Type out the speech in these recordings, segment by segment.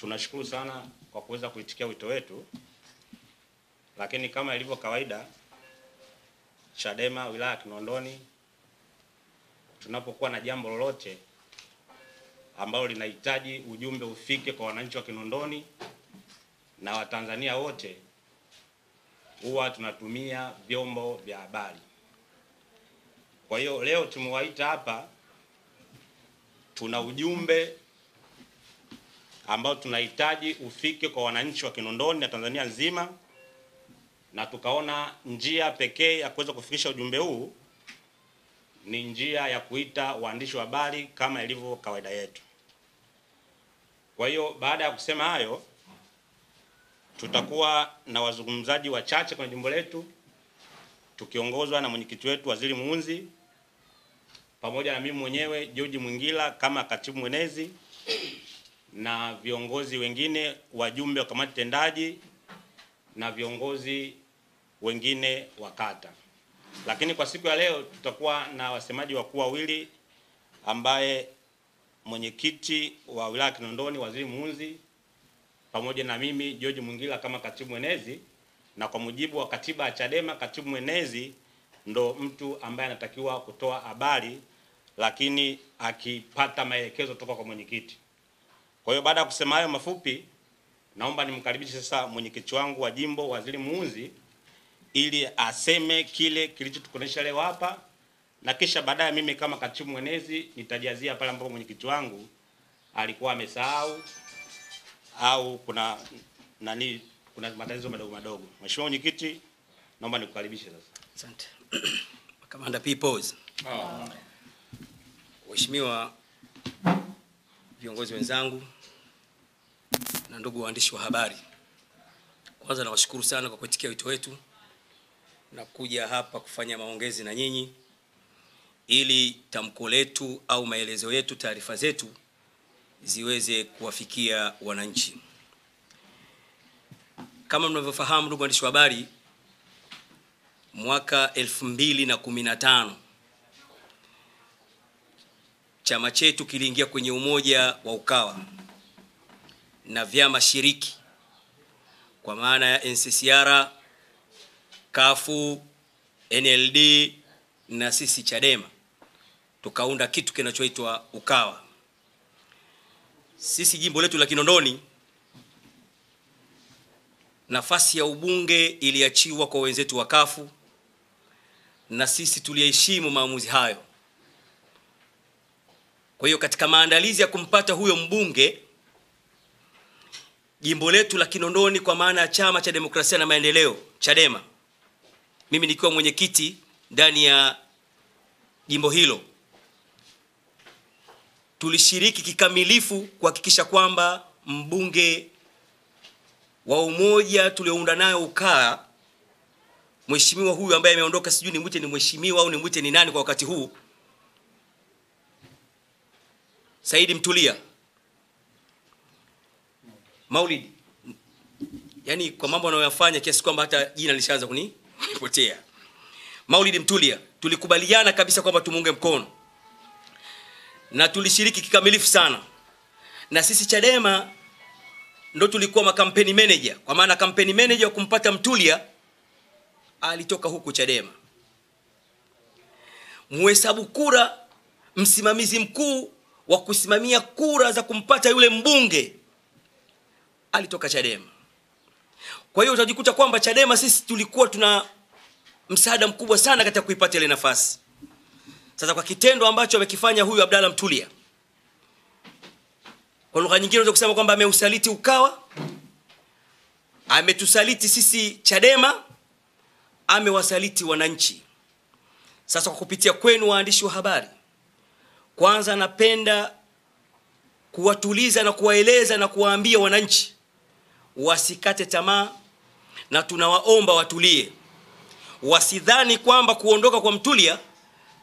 Tunashukuru sana kwa kuweza kuitikia wito wetu, lakini kama ilivyo kawaida, Chadema wilaya ya Kinondoni, tunapokuwa na jambo lolote ambalo linahitaji ujumbe ufike kwa wananchi wa Kinondoni na Watanzania wote, huwa tunatumia vyombo vya habari. Kwa hiyo leo tumewaita hapa, tuna ujumbe ambao tunahitaji ufike kwa wananchi wa Kinondoni na Tanzania nzima, na tukaona njia pekee ya kuweza kufikisha ujumbe huu ni njia ya kuita waandishi wa habari kama ilivyo kawaida yetu. Kwa hiyo baada ya kusema hayo, tutakuwa na wazungumzaji wachache kwenye jimbo letu tukiongozwa na mwenyekiti wetu Waziri Muunzi pamoja na mimi mwenyewe George Mwingila kama katibu mwenezi na viongozi wengine, wajumbe wa kamati tendaji na viongozi wengine wa kata. Lakini kwa siku ya leo tutakuwa na wasemaji wakuu wawili, ambaye mwenyekiti wa wilaya Kinondoni Waziri Muunzi pamoja na mimi George Mwingila kama katibu mwenezi, na kwa mujibu wa katiba ya Chadema katibu mwenezi ndo mtu ambaye anatakiwa kutoa habari, lakini akipata maelekezo kutoka kwa mwenyekiti. Kwa hiyo baada ya kusema hayo mafupi, naomba nimkaribishe sasa mwenyekiti wangu wa jimbo Waziri Muunzi ili aseme kile kilichotukonesha leo hapa, na kisha baadaye mimi kama katibu mwenezi nitajazia pale ambapo mwenyekiti wangu alikuwa amesahau au kuna nani, kuna matatizo madogo madogo. Mheshimiwa mwenyekiti, naomba nikukaribishe sasa. Asante. Kamanda peoples. Ah. Mheshimiwa oh viongozi wenzangu na ndugu waandishi wa habari, kwanza nawashukuru sana kwa kuitikia wito wetu na kuja hapa kufanya maongezi na nyinyi ili tamko letu au maelezo yetu, taarifa zetu ziweze kuwafikia wananchi. Kama mnavyofahamu, ndugu waandishi wa habari, mwaka elfu mbili na kumi na tano chama chetu kiliingia kwenye umoja wa Ukawa na vyama shiriki kwa maana ya NCCR, Kafu, NLD na sisi Chadema tukaunda kitu kinachoitwa Ukawa. Sisi jimbo letu la Kinondoni, nafasi ya ubunge iliachiwa kwa wenzetu wa Kafu na sisi tuliheshimu maamuzi hayo kwa hiyo katika maandalizi ya kumpata huyo mbunge jimbo letu la Kinondoni kwa maana ya Chama cha Demokrasia na Maendeleo Chadema, mimi nikiwa mwenyekiti ndani ya jimbo hilo, tulishiriki kikamilifu kuhakikisha kwamba mbunge wa umoja tuliounda nayo ukaa mheshimiwa huyu ambaye ameondoka, sijui nimwite ni mheshimiwa au nimwite ni nani kwa wakati huu Saidi Mtulia Maulid. yaani kwa mambo anayoyafanya kiasi kwamba hata jina lishaanza kunipotea. Maulid Mtulia, tulikubaliana kabisa kwamba tumunge mkono na tulishiriki kikamilifu sana, na sisi Chadema ndo tulikuwa makampeni manager, kwa maana kampeni manager kumpata Mtulia alitoka huku Chadema. muhesabu kura, msimamizi mkuu wa kusimamia kura za kumpata yule mbunge alitoka Chadema. Kwa hiyo utajikuta kwamba Chadema sisi tulikuwa tuna msaada mkubwa sana katika kuipata ile nafasi. Sasa kwa kitendo ambacho amekifanya huyu Abdalla Mtulia, kwa lugha nyingine unaweza kusema kwamba ameusaliti Ukawa, ametusaliti sisi Chadema, amewasaliti wananchi. Sasa kwa kupitia kwenu waandishi wa habari, kwanza napenda kuwatuliza na kuwaeleza na kuwaambia wananchi wasikate tamaa, na tunawaomba watulie, wasidhani kwamba kuondoka kwa Mtulia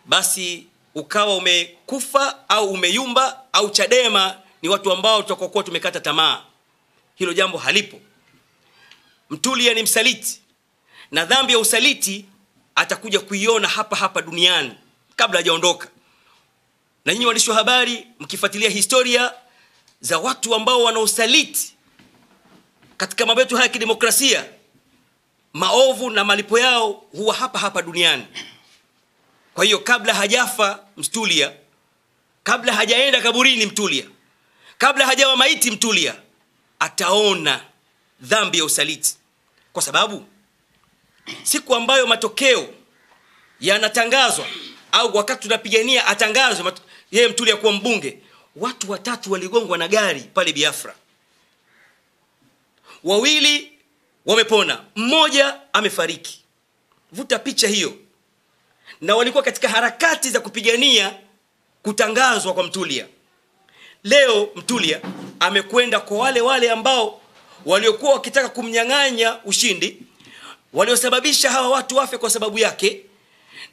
basi ukawa umekufa au umeyumba au Chadema ni watu ambao tutakokuwa tumekata tamaa. Hilo jambo halipo. Mtulia ni msaliti, na dhambi ya usaliti atakuja kuiona hapa hapa duniani kabla hajaondoka. Na nyinyi waandishi wa habari, mkifuatilia historia za watu ambao wanaosaliti katika mambo yetu haya ya kidemokrasia, maovu na malipo yao huwa hapa hapa duniani. Kwa hiyo kabla hajafa mtulia, kabla hajaenda kaburini mtulia, kabla hajawa maiti mtulia, ataona dhambi ya usaliti, kwa sababu siku ambayo matokeo yanatangazwa au wakati tunapigania atangazwe yeye Mtuli akuwa mbunge, watu watatu waligongwa na gari pale Biafra, wawili wamepona, mmoja amefariki. Vuta picha hiyo, na walikuwa katika harakati za kupigania kutangazwa kwa Mtulia. Leo Mtulia amekwenda kwa wale wale ambao waliokuwa wakitaka kumnyang'anya ushindi, waliosababisha hawa watu wafe kwa sababu yake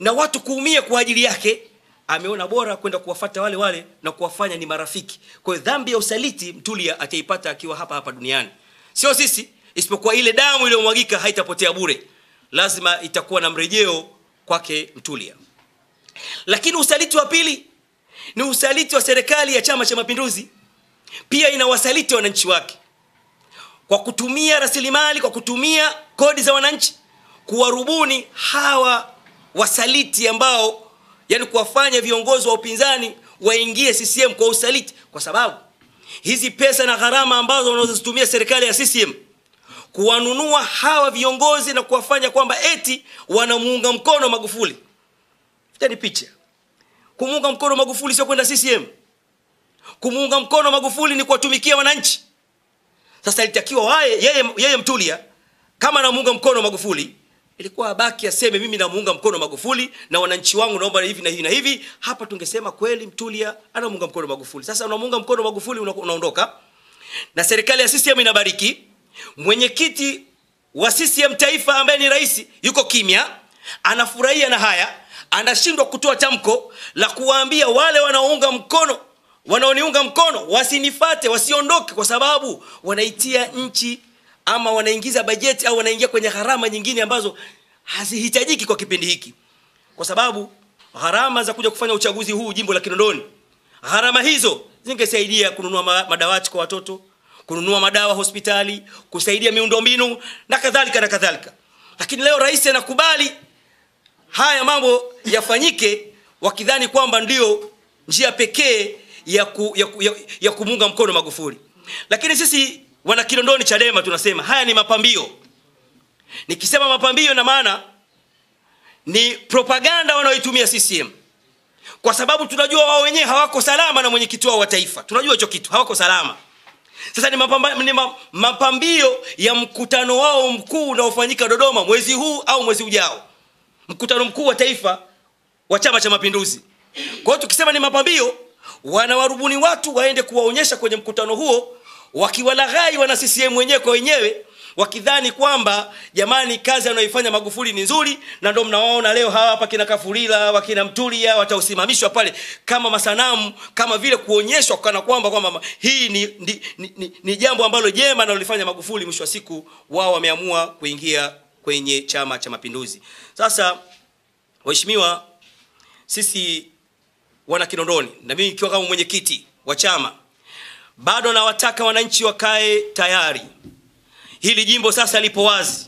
na watu kuumia kwa ajili yake ameona bora kwenda kuwafata wale wale na kuwafanya ni marafiki. Kwa hiyo dhambi ya usaliti Mtulia ataipata akiwa hapa hapa duniani, sio sisi, isipokuwa ile damu iliyomwagika haitapotea bure, lazima itakuwa na mrejeo kwake Mtulia. Lakini usaliti wa pili ni usaliti wa serikali ya Chama cha Mapinduzi, pia inawasaliti wananchi wake kwa kutumia rasilimali, kwa kutumia kodi za wananchi, kuwarubuni hawa wasaliti ambao yani kuwafanya viongozi wa upinzani waingie CCM kwa usaliti, kwa sababu hizi pesa na gharama ambazo wanazozitumia serikali ya CCM kuwanunua hawa viongozi na kuwafanya kwamba eti wanamuunga mkono Magufuli. Tani picha kumuunga mkono Magufuli sio kwenda CCM, kumuunga mkono Magufuli ni kuwatumikia wananchi. Sasa ilitakiwa wae yeye, yeye Mtulia kama anamuunga mkono Magufuli ilikuwa abaki aseme mimi namuunga mkono Magufuli na wananchi wangu naomba na hivi na hivi na hivi, hapa tungesema kweli Mtulia anamuunga mkono Magufuli. Sasa unamuunga mkono Magufuli unaondoka, na serikali ya CCM inabariki, mwenyekiti wa CCM taifa ambaye ni rais yuko kimya, anafurahia na haya, anashindwa kutoa tamko la kuwaambia wale wanaounga mkono wanaoniunga mkono wasinifate, wasiondoke, kwa sababu wanaitia nchi ama wanaingiza bajeti au wanaingia kwenye gharama nyingine ambazo hazihitajiki kwa kipindi hiki, kwa sababu gharama za kuja kufanya uchaguzi huu jimbo la Kinondoni, gharama hizo zingesaidia kununua madawati kwa watoto, kununua madawa hospitali, kusaidia miundombinu na kadhalika na kadhalika. Lakini leo rais anakubali haya mambo yafanyike, wakidhani kwamba ndio njia pekee ya, ku, ya, ku, ya, ya kumunga mkono Magufuli, lakini sisi wana Kinondoni Chadema tunasema haya ni mapambio. Nikisema mapambio, na maana ni propaganda wanaoitumia CCM, kwa sababu tunajua wao wenyewe hawako salama na mwenyekiti wao wa taifa. Tunajua hicho kitu, hawako salama. Sasa ni, mapamba, ni mapambio ya mkutano wao mkuu unaofanyika Dodoma mwezi huu au mwezi ujao, mkutano mkuu wa taifa wa Chama cha Mapinduzi. Kwa hiyo tukisema ni mapambio, wanawarubuni watu waende kuwaonyesha kwenye mkutano huo wakiwalaghai wana CCM wenyewe kwa wenyewe wakidhani kwamba jamani, kazi anayoifanya Magufuli ni nzuri, na ndio mnawaona leo hawa hapa kina Kafulila wakina Mtulia watausimamishwa pale kama masanamu, kama vile kuonyeshwa kana kwamba kwamba hii ni, ni, ni, ni, ni jambo ambalo jema analolifanya Magufuli. Mwisho wa siku wao wameamua kuingia kwenye Chama cha Mapinduzi. Sasa waheshimiwa, sisi wana Kinondoni na mimi nikiwa kama mwenyekiti wa chama bado nawataka wananchi wakae tayari. Hili jimbo sasa lipo wazi,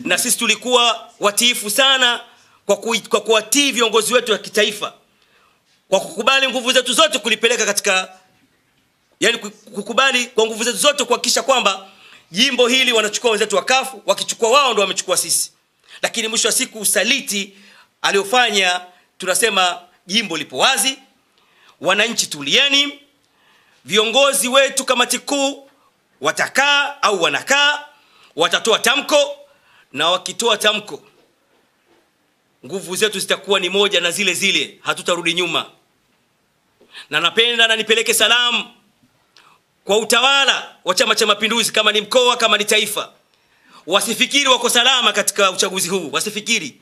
na sisi tulikuwa watiifu sana kwa, ku, kwa kuwatii viongozi wetu wa kitaifa kwa kukubali nguvu zetu zote kulipeleka katika, yani kukubali kwa nguvu zetu zote kuhakikisha kwamba jimbo hili wanachukua wenzetu wa wakichukua wao ndo wamechukua sisi. Lakini mwisho wa siku usaliti aliofanya, tunasema jimbo lipo wazi, wananchi tulieni viongozi wetu kamati kuu watakaa au wanakaa, watatoa tamko, na wakitoa tamko, nguvu zetu zitakuwa ni moja na zile zile, hatutarudi nyuma. Na napenda na nipeleke salamu kwa utawala wa Chama cha Mapinduzi, kama ni mkoa, kama ni taifa, wasifikiri wako salama katika uchaguzi huu, wasifikiri.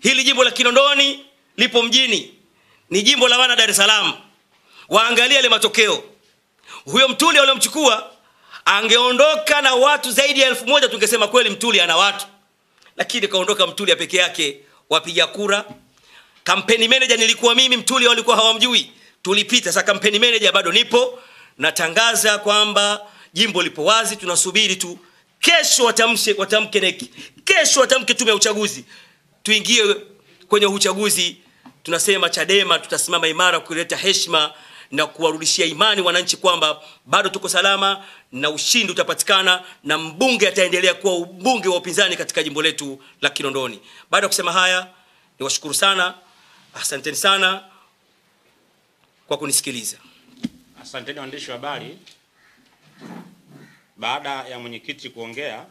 Hili jimbo la Kinondoni lipo mjini, ni jimbo la wana Dar es Salaam. Waangalie yale matokeo huyo mtuli aliyomchukua angeondoka na watu zaidi ya elfu moja tungesema kweli mtuli ana watu lakini kaondoka mtuli ya peke yake wapiga kura kampeni manager nilikuwa mimi mtuli walikuwa hawamjui tulipita sasa kampeni manager bado nipo natangaza kwamba jimbo lipo wazi tunasubiri tu kesho watamke watamke neki kesho watamke tume ya uchaguzi tuingie kwenye uchaguzi tunasema chadema tutasimama imara kuleta heshima na kuwarudishia imani wananchi kwamba bado tuko salama na ushindi utapatikana na mbunge ataendelea kuwa mbunge wa upinzani katika jimbo letu la Kinondoni. Baada ya kusema haya, niwashukuru sana, asanteni sana kwa kunisikiliza. Asanteni waandishi wa habari. Baada ya mwenyekiti kuongea,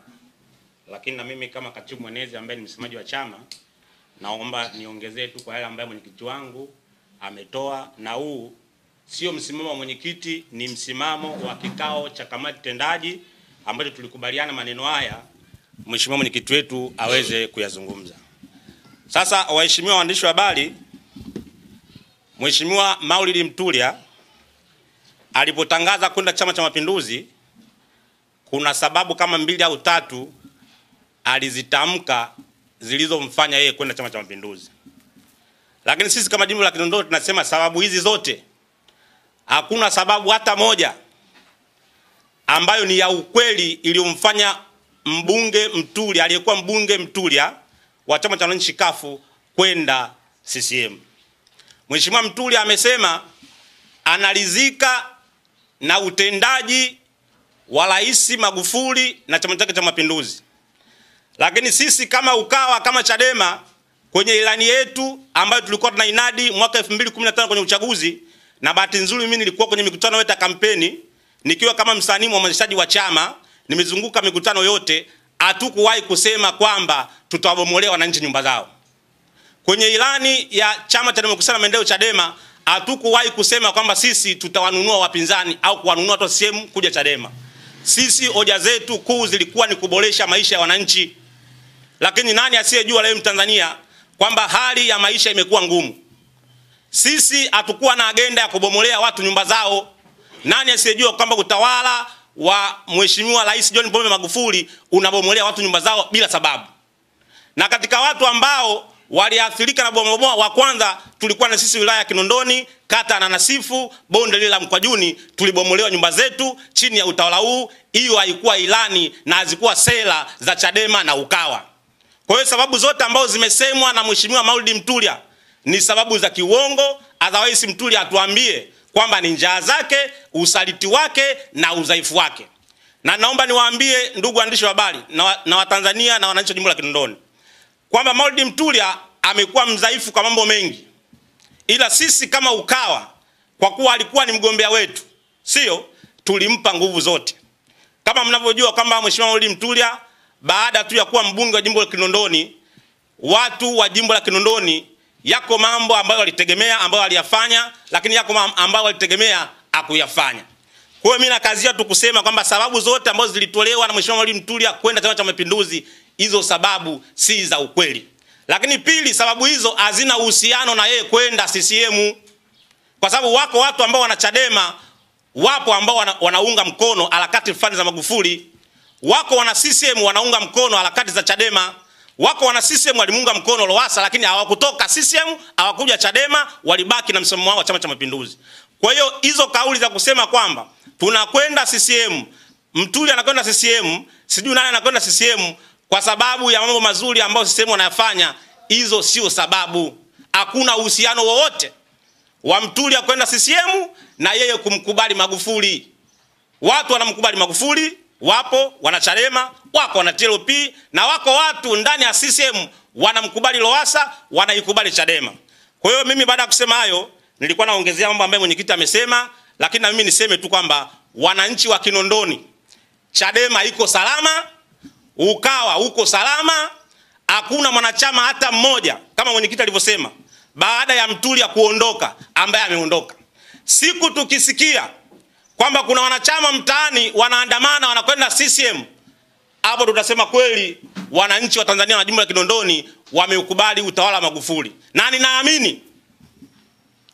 lakini na mimi kama katibu mwenezi ambaye ni msemaji wa chama, naomba niongezee tu kwa yale ambayo mwenyekiti wangu ametoa na huu sio msimamo wa mwenyekiti, ni msimamo wa kikao cha kamati tendaji ambacho tulikubaliana maneno haya mheshimiwa mwenyekiti wetu aweze kuyazungumza. Sasa waheshimiwa waandishi wa habari, Mheshimiwa Maulidi Mtulia alipotangaza kwenda Chama cha Mapinduzi, kuna sababu kama mbili au tatu alizitamka zilizomfanya yeye kwenda Chama cha Mapinduzi, lakini sisi kama jimbo la Kinondoni tunasema sababu hizi zote Hakuna sababu hata moja ambayo ni ya ukweli iliyomfanya mbunge Mtulia aliyekuwa mbunge Mtulia ah, wa chama cha wananchi kafu kwenda CCM. Mheshimiwa Mtulia amesema analizika na utendaji wa Rais Magufuli na chama chake cha Mapinduzi, lakini sisi kama Ukawa kama Chadema kwenye ilani yetu ambayo tulikuwa tunainadi mwaka 2015 kwenye uchaguzi na bahati nzuri mimi nilikuwa kwenye mikutano yote ya kampeni nikiwa kama msanii mhamasishaji wa chama, nimezunguka mikutano yote, hatukuwahi kusema kwamba tutawabomolea wananchi nyumba zao. Kwenye ilani ya chama cha demokrasia na maendeleo Chadema hatukuwahi kusema kwamba sisi tutawanunua wapinzani au kuwanunua watu sehemu kuja Chadema. Sisi hoja zetu kuu zilikuwa ni kuboresha maisha ya wananchi, lakini nani asiyejua leo Mtanzania kwamba hali ya maisha imekuwa ngumu. Sisi hatukuwa na agenda ya kubomolea watu nyumba zao. Nani asiyejua kwamba utawala wa Mheshimiwa Rais John Pombe Magufuli unabomolea watu nyumba zao bila sababu. Na katika watu ambao waliathirika na bomomoa wa kwanza tulikuwa na sisi wilaya ya Kinondoni, kata na Nasifu, bonde lile la Mkwajuni, tulibomolewa nyumba zetu chini ya utawala huu. Hiyo haikuwa ilani na hazikuwa sera za Chadema na Ukawa. Kwa hiyo sababu zote ambazo zimesemwa na Mheshimiwa Maulid Mtulia ni sababu za kiwongo. Otherwise Mtuli atuambie kwamba ni njaa zake, usaliti wake na udhaifu wake. Na naomba niwaambie ndugu waandishi wa habari na Watanzania na, wa na wananchi wa jimbo la Kinondoni kwamba Maulid Mtulia amekuwa mdhaifu kwa mambo mengi, ila sisi kama Ukawa, kwa kuwa alikuwa ni mgombea wetu, sio tulimpa nguvu zote, kama mnavyojua kwamba Mheshimiwa Maulid Mtulia baada tu ya kuwa mbunge wa jimbo la Kinondoni, watu wa jimbo la Kinondoni yako mambo ambayo walitegemea ambayo aliyafanya, lakini yako mambo ambayo walitegemea akuyafanya. Kwa hiyo mimi nakazia tu kusema kwamba sababu zote ambazo zilitolewa na Mheshimiwa Mwalimu Tulia kwenda Chama cha Mapinduzi, hizo sababu si za ukweli. Lakini pili, sababu hizo hazina uhusiano na yeye kwenda CCM, kwa sababu wako watu ambao wanachadema wapo ambao wana, wanaunga mkono harakati fulani za Magufuli, wako wana CCM wanaunga mkono harakati za Chadema. Wako wana CCM walimuunga mkono Lowassa, lakini hawakutoka CCM, hawakuja Chadema, walibaki na msimamo wao wa Chama cha Mapinduzi. Kwa hiyo hizo kauli za kusema kwamba tunakwenda CCM, Mtuli anakwenda CCM, sijui nani anakwenda CCM kwa sababu ya mambo mazuri ambayo CCM wanayafanya, hizo sio sababu. Hakuna uhusiano wowote wa Mtulia kwenda CCM na yeye kumkubali Magufuli. Watu wanamkubali Magufuli, wapo wanachadema wako wana TLP na wako watu ndani ya CCM wanamkubali Lowassa wanaikubali Chadema. Kwa hiyo mimi baada ya kusema hayo nilikuwa naongezea mambo ambayo mwenyekiti amesema, lakini na mimi niseme tu kwamba wananchi wa Kinondoni, Chadema iko salama, Ukawa uko salama, hakuna mwanachama hata mmoja kama mwenyekiti alivyosema, baada ya Mtulia kuondoka ambaye ameondoka. Siku tukisikia kwamba kuna wanachama mtaani wanaandamana wanakwenda CCM, hapo tutasema kweli wananchi wa Tanzania na jumla ya Kinondoni wameukubali utawala wa Magufuli, na ninaamini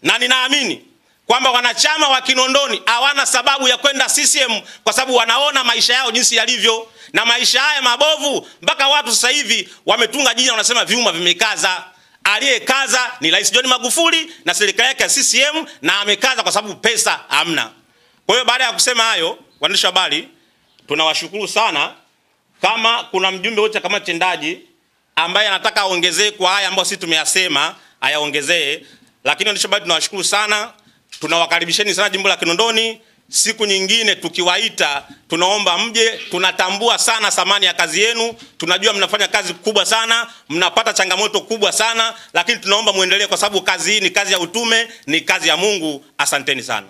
na ninaamini kwamba wanachama wa Kinondoni hawana sababu ya kwenda CCM kwa sababu wanaona maisha yao jinsi yalivyo, na maisha haya mabovu mpaka watu sasa hivi wametunga jina, wanasema vyuma vimekaza. Aliyekaza ni Rais John Magufuli na serikali yake ya CCM, na amekaza kwa sababu pesa hamna. Kwa hiyo baada ya kusema hayo, waandishi habari, tunawashukuru sana. Kama kuna mjumbe wote kama tendaji ambaye anataka aongezee kwa haya ambayo sisi tumeyasema ayaongezee, lakini waandishi habari tunawashukuru sana, tunawakaribisheni sana jimbo la Kinondoni. Siku nyingine tukiwaita, tunaomba mje. Tunatambua sana thamani ya kazi yenu, tunajua mnafanya kazi kubwa sana, mnapata changamoto kubwa sana, lakini tunaomba muendelee, kwa sababu kazi hii ni kazi ya utume, ni kazi ya Mungu. Asanteni sana.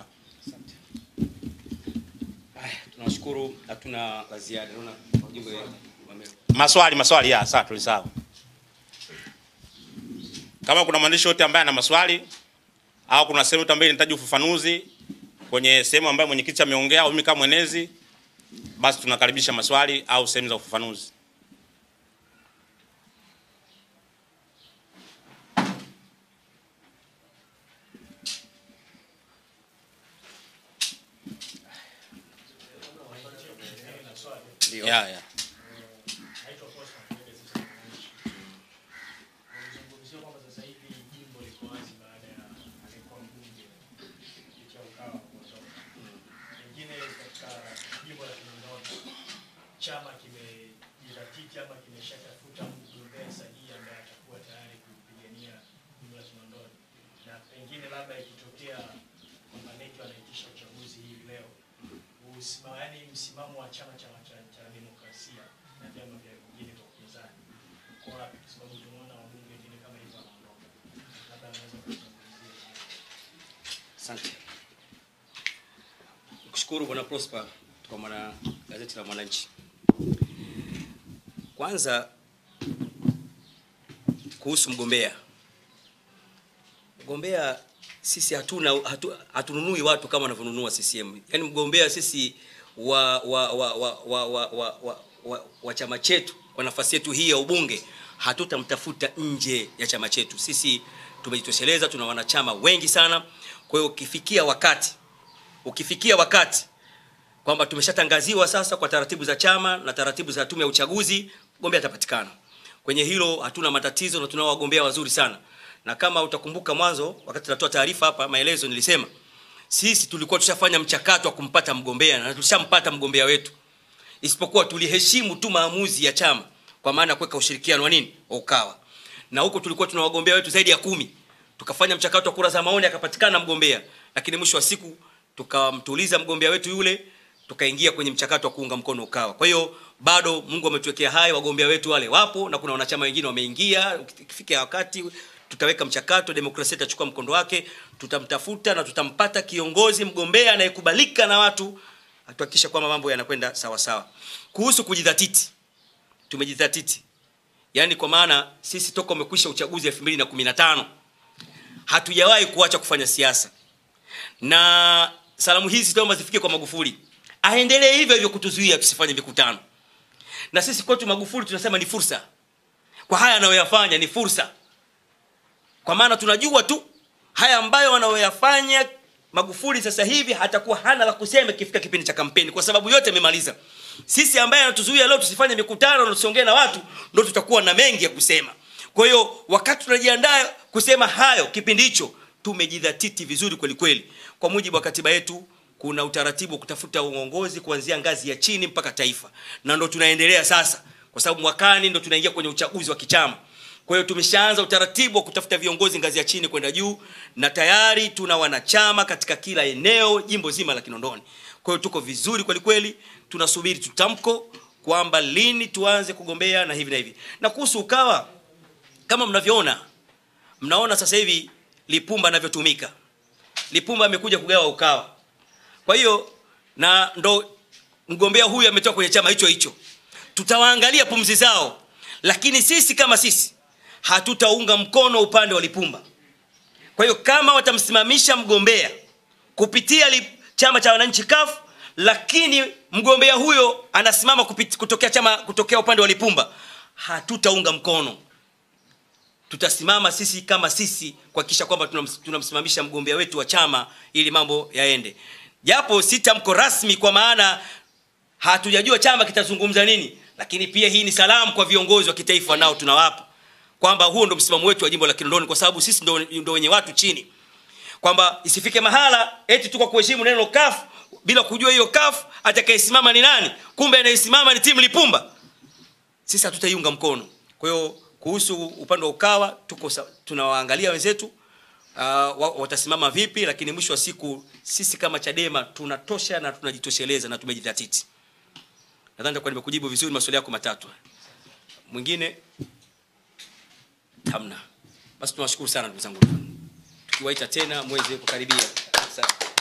Tunashukuru, hatuna la ziada. Naona majibu maswali maswali, ya sawa, tulisahau. Kama kuna mwandishi wote ambaye ana maswali au kuna sehemu ambayo inahitaji ufafanuzi kwenye sehemu ambayo mwenyekiti ameongea au mimi kama mwenezi, basi tunakaribisha maswali au sehemu za ufafanuzi. Yeah, yeah. Asante. Nikushukuru Bwana Prosper kwa mwana gazeti la Mwananchi. Kwanza kuhusu mgombea. Mgombea sisi hatuna hatu, hatununui watu kama wanavyonunua CCM. Yaani mgombea sisi wa wa wa wa wa wa, wa, wa, wa, wa chama chetu kwa nafasi yetu hii ya ubunge hatutamtafuta nje ya chama chetu. Sisi tumejitosheleza, tuna wanachama wengi sana. Kwa hiyo ukifikia wakati ukifikia wakati kwamba tumeshatangaziwa sasa kwa taratibu za chama na taratibu za tume ya uchaguzi, mgombea atapatikana. Kwenye hilo hatuna matatizo na tunao wagombea wazuri sana, na kama utakumbuka mwanzo, wakati tunatoa taarifa hapa maelezo, nilisema sisi tulikuwa tushafanya mchakato wa kumpata mgombea na tulishampata mgombea wetu, isipokuwa tuliheshimu tu maamuzi ya chama, kwa maana kuweka ushirikiano wa nini wa Ukawa, na huko tulikuwa tuna wagombea wetu zaidi ya kumi tukafanya mchakato wa kura za maoni, akapatikana mgombea, lakini mwisho wa siku tukamtuliza mgombea wetu yule, tukaingia kwenye mchakato wa kuunga mkono Ukawa. Kwa hiyo bado Mungu ametuwekea hai, wagombea wetu wale wapo na kuna wanachama wengine wameingia. Ukifika wakati tutaweka mchakato, demokrasia itachukua mkondo wake, tutamtafuta na tutampata kiongozi mgombea anayekubalika na watu, atuhakikisha kwamba mambo yanakwenda sawa sawa. Kuhusu kujidhatiti, tumejidhatiti, yaani kwa maana sisi toka umekwisha uchaguzi 2015 hatujawahi kuacha kufanya siasa, na salamu hizi tuomba zifike kwa Magufuli, aendelee hivyo hivyo kutuzuia tusifanye mikutano. Na sisi kwetu Magufuli tunasema ni fursa, kwa haya anayoyafanya ni fursa, kwa maana tunajua tu haya ambayo wanayoyafanya Magufuli sasa hivi hatakuwa hana la kusema ikifika kipindi cha kampeni, kwa sababu yote amemaliza. Sisi ambaye anatuzuia leo tusifanye mikutano na tusiongee na watu, ndo tutakuwa na mengi ya kusema. Kwa hiyo wakati tunajiandaa kusema hayo, kipindi hicho tumejidhatiti vizuri kweli kweli. Kwa mujibu wa katiba yetu, kuna utaratibu wa kutafuta uongozi kuanzia ngazi ya chini mpaka taifa, na ndo tunaendelea sasa, kwa sababu mwakani ndo tunaingia kwenye uchaguzi wa kichama. Kwa hiyo tumeshaanza utaratibu wa kutafuta viongozi ngazi ya chini kwenda juu, na tayari tuna wanachama katika kila eneo, jimbo zima la Kinondoni. Kwa hiyo tuko vizuri kweli kweli, tunasubiri tutamko kwamba lini tuanze kugombea na hivi na hivi. Na kuhusu Ukawa kama mnavyoona, mnaona sasa hivi Lipumba anavyotumika. Lipumba amekuja kugawa Ukawa, kwa hiyo na ndo mgombea huyu ametoka kwenye chama hicho hicho. Tutawaangalia pumzi zao, lakini sisi kama sisi hatutaunga mkono upande wa Lipumba. Kwa hiyo kama watamsimamisha mgombea kupitia li, chama cha wananchi CUF, lakini mgombea huyo anasimama kupit, kutokea chama kutokea upande wa Lipumba, hatutaunga mkono tutasimama sisi kama sisi kuhakikisha kwamba tunamsimamisha mgombea wetu wa chama ili mambo yaende, japo si tamko rasmi, kwa maana hatujajua chama kitazungumza nini, lakini pia hii ni salamu kwa viongozi wa kitaifa, nao tunawapa kwamba huo ndo msimamo wetu wa jimbo la Kinondoni, kwa sababu sisi ndo wenye watu chini, kwamba isifike mahala eti tuko kuheshimu neno CUF bila kujua hiyo CUF atakayesimama ni nani, kumbe anayesimama ni timu Lipumba. Sisi hatutaiunga mkono, kwa hiyo kuhusu upande wa Ukawa tuko tunawaangalia wenzetu uh, watasimama vipi, lakini mwisho wa siku sisi kama Chadema tunatosha na tunajitosheleza na tumejidhatiti. Nadhani nitakuwa nimekujibu vizuri maswali yako matatu. Mwingine hamna. Basi tunawashukuru sana ndugu zangu, tukiwaita tena mweze kukaribia.